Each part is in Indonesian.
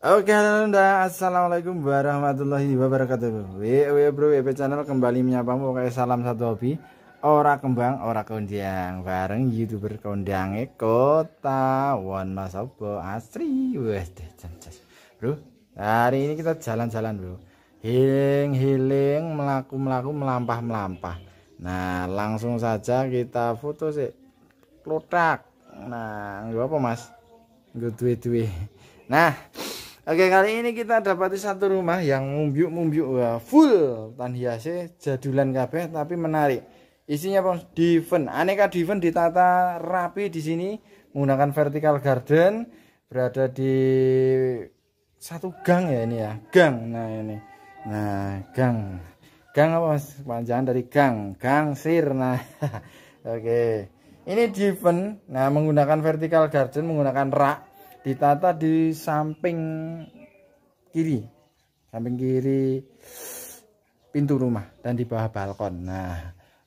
Oke halo anda Assalamualaikum warahmatullahi wabarakatuh WW bro WP channel kembali menyapa mu Oke salam satu hobi Ora kembang ora kondang Bareng youtuber kondang e kota Wonosobo Asri Bro hari ini kita jalan-jalan bro Healing healing Melaku-melaku melampah-melampah Nah langsung saja kita foto sih Plutak Nah gue apa mas Gue duit-duit Nah Oke kali ini kita dapati satu rumah yang mumbyuk mumbyuk full tan hiasnya e jadulan kabeh tapi menarik. Isinya diven, aneka diven ditata rapi di sini menggunakan vertical garden berada di satu gang ya ini ya gang nah ini nah gang gang apa mas panjangan dari gang gang sir nah oke ini diven nah menggunakan vertical garden menggunakan rak ditata di samping kiri samping kiri pintu rumah dan di bawah balkon nah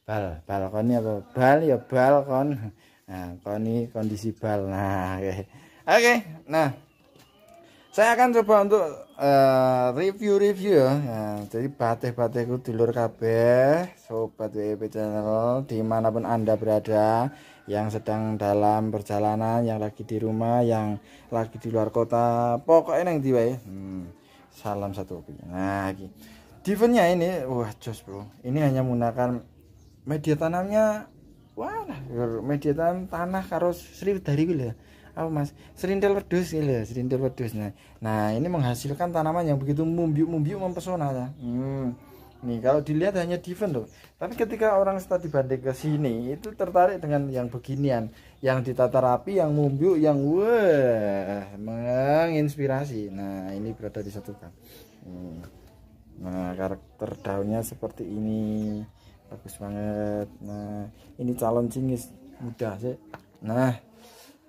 bal balkonnya apa bal ya balkon nah koni kondisi bal nah oke okay. okay, nah saya akan coba untuk eh, review-review uh, ya. Nah, jadi batik batikku dulur kabeh sobat WP channel dimanapun anda berada yang sedang dalam perjalanan yang lagi di rumah yang lagi di luar kota pokoknya di diwai hmm, salam satu kopi nah iki Divennya ini wah jos bro ini hanya menggunakan media tanamnya wah media tanam tanah karo serib dari gila apa mas serindel wedus gila serindel wedus nah, nah ini menghasilkan tanaman yang begitu mumbiuk mumbiuk mempesona ya. hmm nih kalau dilihat hanya diven loh tapi ketika orang setelah dibanding ke sini itu tertarik dengan yang beginian yang ditata rapi yang mumbu yang wah menginspirasi nah ini berada di satu kan hmm. nah karakter daunnya seperti ini bagus banget nah ini calon cingis mudah sih nah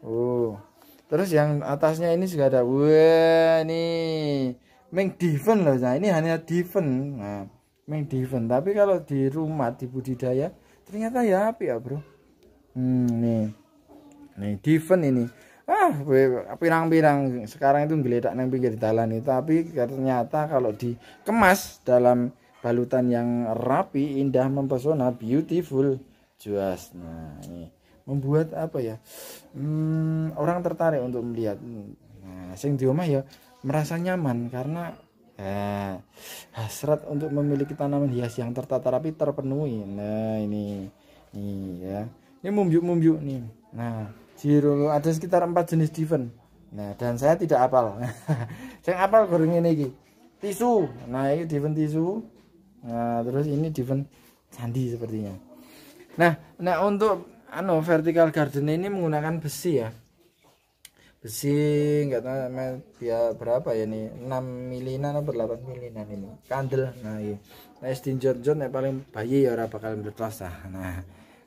oh terus yang atasnya ini juga ada wah nih Meng Diven loh nah ini hanya Diven nah main di event tapi kalau di rumah di budidaya ternyata ya api ya bro hmm, nih nih di event ini ah pirang-pirang sekarang itu geledak yang pinggir jalan itu tapi ternyata kalau dikemas dalam balutan yang rapi indah mempesona beautiful juas. nah ini membuat apa ya hmm, orang tertarik untuk melihat nah sing di rumah ya merasa nyaman karena Nah, hasrat untuk memiliki tanaman hias yang tertata rapi terpenuhi. Nah, ini nih ya. Ini mumbyuk-mumbyuk nih. Nah, jirulu ada sekitar 4 jenis diven. Nah, dan saya tidak apal. saya apal goreng ini iki. Tisu. Nah, ini diven tisu. Nah, terus ini diven candi sepertinya. Nah, nah untuk anu vertical garden ini menggunakan besi ya besi nggak tahu dia ya, berapa ya nih 6 milinan atau 8 milinan ini kandel nah iya nah stinjon jon yang paling bayi ya orang bakal meletus lah nah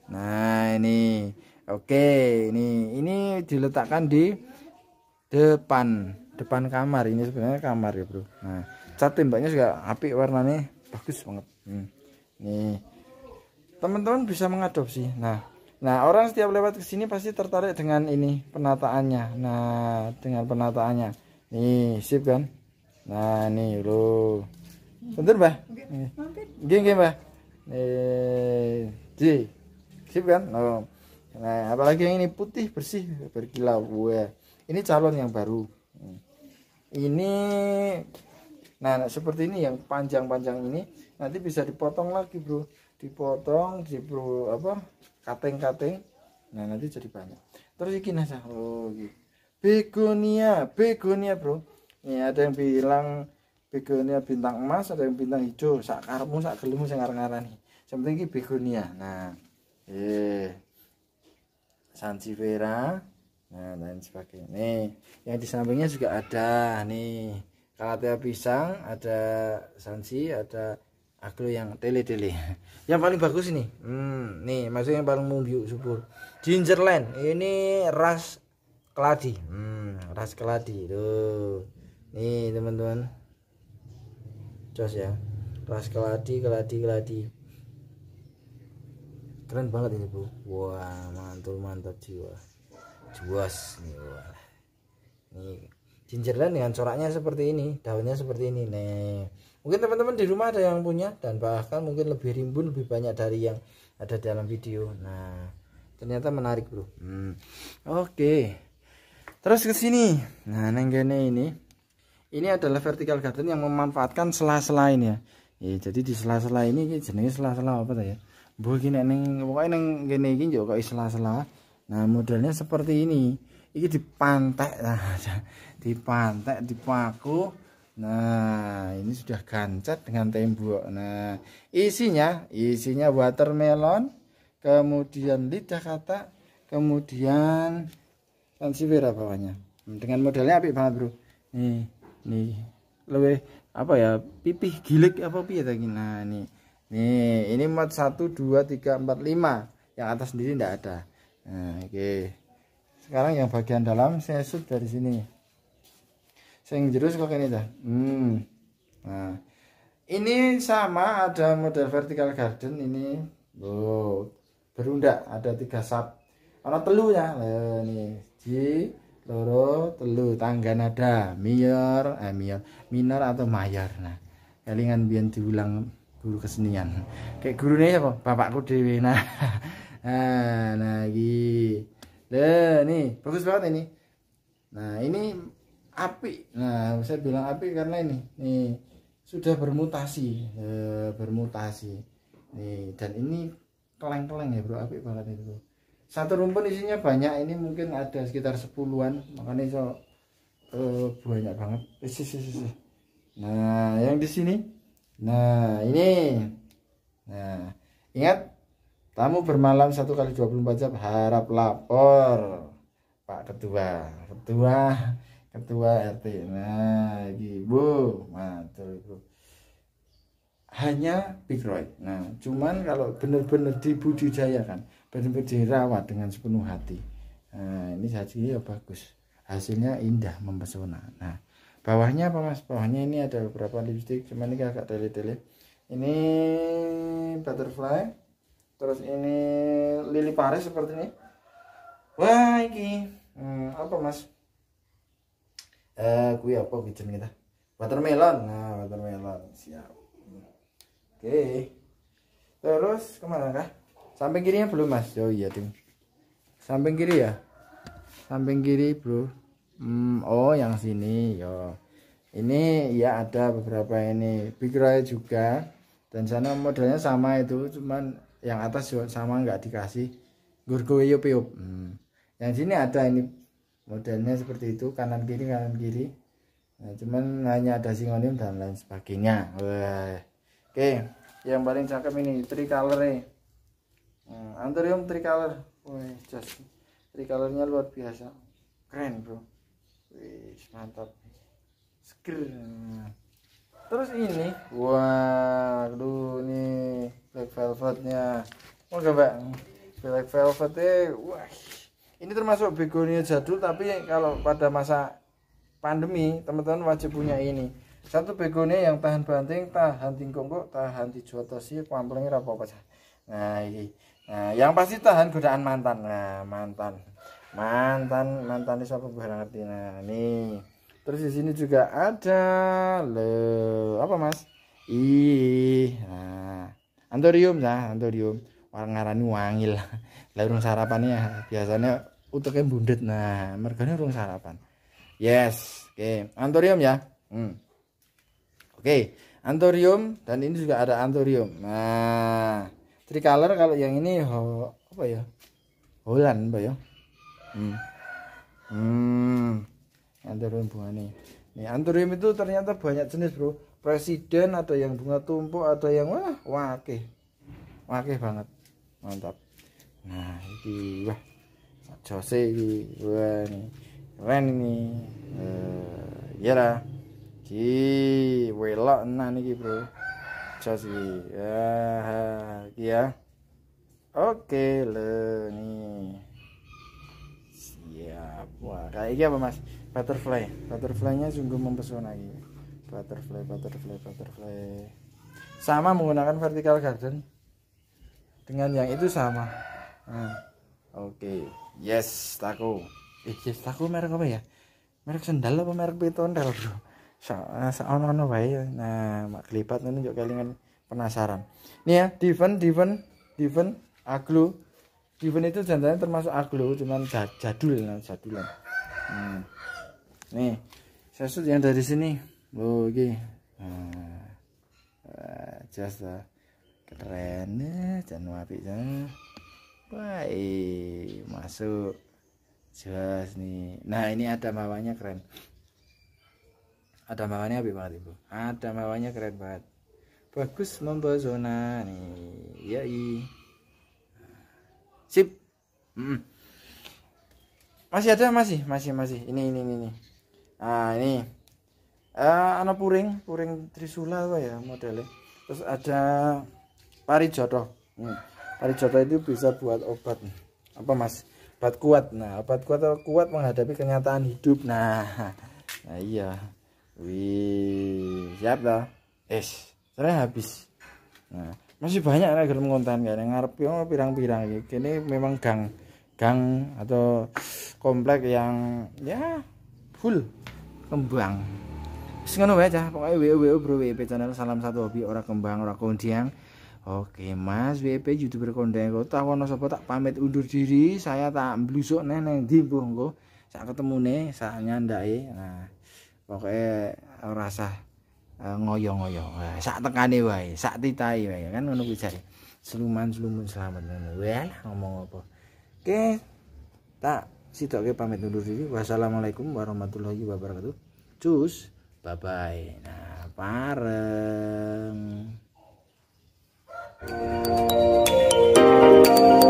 nah ini oke ini ini diletakkan di depan depan kamar ini sebenarnya kamar ya bro nah cat tembaknya juga api warnanya bagus banget hmm. nih teman-teman bisa mengadopsi nah Nah, orang setiap lewat ke sini pasti tertarik dengan ini penataannya. Nah, dengan penataannya. Nih, sip kan? Nah, nih lo. Bentar, Mbah. Nggih, Gini, Mbah. Nih, Ji. Sip kan? No. Oh. Nah, apalagi yang ini putih bersih berkilau. gue. Ini calon yang baru. Ini nah, nah seperti ini yang panjang-panjang ini nanti bisa dipotong lagi, Bro. Dipotong, di bro, apa? kating-kating Nah, nanti jadi banyak. Terus ini nasa. Ya. Oh, Begonia, begonia, Bro. ini ada yang bilang begonia bintang emas, ada yang bintang hijau. Sak karepmu, sak ngarang ngarang arang-arani. begonia. Nah, eh sansevera, nah lain sebagainya nih yang di sampingnya juga ada nih kalatea pisang ada sansi ada aku yang tele-tele yang paling bagus ini hmm, nih maksudnya yang paling mumbiu subur gingerland ini ras keladi hmm, ras keladi tuh nih teman-teman jos ya ras keladi keladi keladi keren banget ini bu wah mantul mantap jiwa juas nih wah nih gingerland dengan coraknya seperti ini daunnya seperti ini nih mungkin teman-teman di rumah ada yang punya dan bahkan mungkin lebih rimbun lebih banyak dari yang ada dalam video nah ternyata menarik bro hmm. oke okay. terus ke sini nah nenggene ini ini adalah vertical garden yang memanfaatkan sela-sela ini ya ya jadi di sela-sela ini jenis sela-sela apa ya bukan neng pokoknya neng gini ini juga sela-sela nah modelnya seperti ini ini dipantek nah, dipantek dipaku Nah, ini sudah gancet dengan tembok. Nah, isinya isinya watermelon, kemudian lidah kata, kemudian sansevieria bawahnya. Dengan modelnya apik banget, Bro. Nih, nih. Lebih apa ya? Pipih gilik apa piye Nah, ini. Nih, ini mod 1 2 3 4 5. Yang atas sendiri tidak ada. Nah, oke. Okay. Sekarang yang bagian dalam saya shoot dari sini sing jero saka ini dah. hmm nah ini sama ada model vertical garden ini Oh, berundak ada tiga sub ana telu ya ini C loro telu tangga nada minor eh minor minor atau mayor nah kelingan biar diulang guru kesenian kayak gurunya apa? Ya, bapakku dewi nah, nah nah lagi nah, nah, nih bagus banget ini nah ini api nah saya bilang api karena ini nih sudah bermutasi e, bermutasi nih dan ini keleng-keleng ya bro api banget itu satu rumpun isinya banyak ini mungkin ada sekitar sepuluhan makanya so e, eh, banyak banget eh, nah yang di sini nah ini nah ingat tamu bermalam satu kali 24 jam harap lapor Pak Ketua Ketua ketua RT nah ibu matur itu hanya big nah cuman kalau benar-benar dibudidayakan benar-benar dirawat dengan sepenuh hati nah, ini hasilnya ya bagus hasilnya indah mempesona nah bawahnya apa mas bawahnya ini ada beberapa lipstick cuman ini agak tele-tele ini butterfly terus ini lili paris seperti ini wah ini hmm, apa mas eh kuwi apa kuwi kita watermelon nah watermelon siap oke okay. terus kemana kah samping kirinya belum mas oh iya tim samping kiri ya samping kiri bro hmm, oh yang sini yo ini ya ada beberapa ini big roy juga dan sana modelnya sama itu cuman yang atas sama nggak dikasih yo piup hmm. yang sini ada ini modelnya seperti itu kanan kiri kanan kiri nah, cuman hanya ada singonim dan lain sebagainya Wah. oke yang paling cakep ini tricolor nih hmm, nah, anthurium tricolor Wih, just tricolornya luar biasa keren bro Wih, mantap seger terus ini wah aduh nih black velvetnya mau coba black velvetnya wah ini termasuk begonia jadul tapi kalau pada masa pandemi teman-teman wajib punya ini satu begonia yang tahan banting tahan kok, tahan di tosi apa apa nah ini nah yang pasti tahan godaan mantan nah mantan mantan mantan ini siapa barang ngerti nah nih terus di sini juga ada le apa mas ih nah antorium nah antorium orang ngarani wangi lah lah urung sarapannya biasanya utuknya bundet nah mergane urung sarapan yes oke okay. antorium ya hmm. oke okay. antorium dan ini juga ada antorium nah tricolor kalau yang ini ho, apa ya Holland apa ya hmm. hmm. antorium bunga nih nih antorium itu ternyata banyak jenis bro presiden ada yang bunga tumpuk ada yang wah wakih wakih banget mantap nah ini wah jose ini wah ini keren ini uh, ya lah ki welok nah ini bro jose ini uh, ah, ya oke le nih siap wah kayak ini apa mas butterfly butterflynya sungguh mempesona ini butterfly butterfly butterfly sama menggunakan vertical garden dengan yang itu sama nah, oke okay. yes taku eh, yes taku merek apa ya merek sendal apa merek betondel bro soalnya eh, ono baik nah mak kelipat nanti juga kalian penasaran nih ya diven diven diven aglu diven itu jantannya termasuk aglu cuman jadul nah, jadulan hmm. nih saya yang dari sini oke okay. uh, just ah keren ya eh, jangan wapi jangan baik masuk jelas nih nah ini ada mawanya keren ada mawanya api banget ibu ada mawanya keren banget bagus mempesona nih yai sip mm. masih ada masih masih masih ini ini ini, ini. ah ini uh, eh, anak puring puring trisula apa ya modelnya terus ada parijoto pari hmm. parijoto itu bisa buat obat apa mas obat kuat nah obat kuat atau kuat menghadapi kenyataan hidup nah, nah iya wih siap dah es saya habis nah masih banyak lagi yang mengontan kan yang ngarep yang pirang-pirang ini memang gang gang atau komplek yang ya full kembang Terus ngono aja. cah, pokoke WO bro WP channel salam satu hobi orang kembang orang kondiang. Oke Mas WP youtuber kondang kau tahu wono sapa tak pamit undur diri saya tak blusuk neneng di bongko saya ketemu nih saatnya nyandai nah pokoknya rasa uh, eh, ngoyo-ngoyo nah, tekan tekane wae saat titai wae kan ngono kuwi jare seluman selamat ngono wae ngomong apa oke tak oke pamit undur diri wassalamualaikum warahmatullahi wabarakatuh cus bye bye nah pareng Música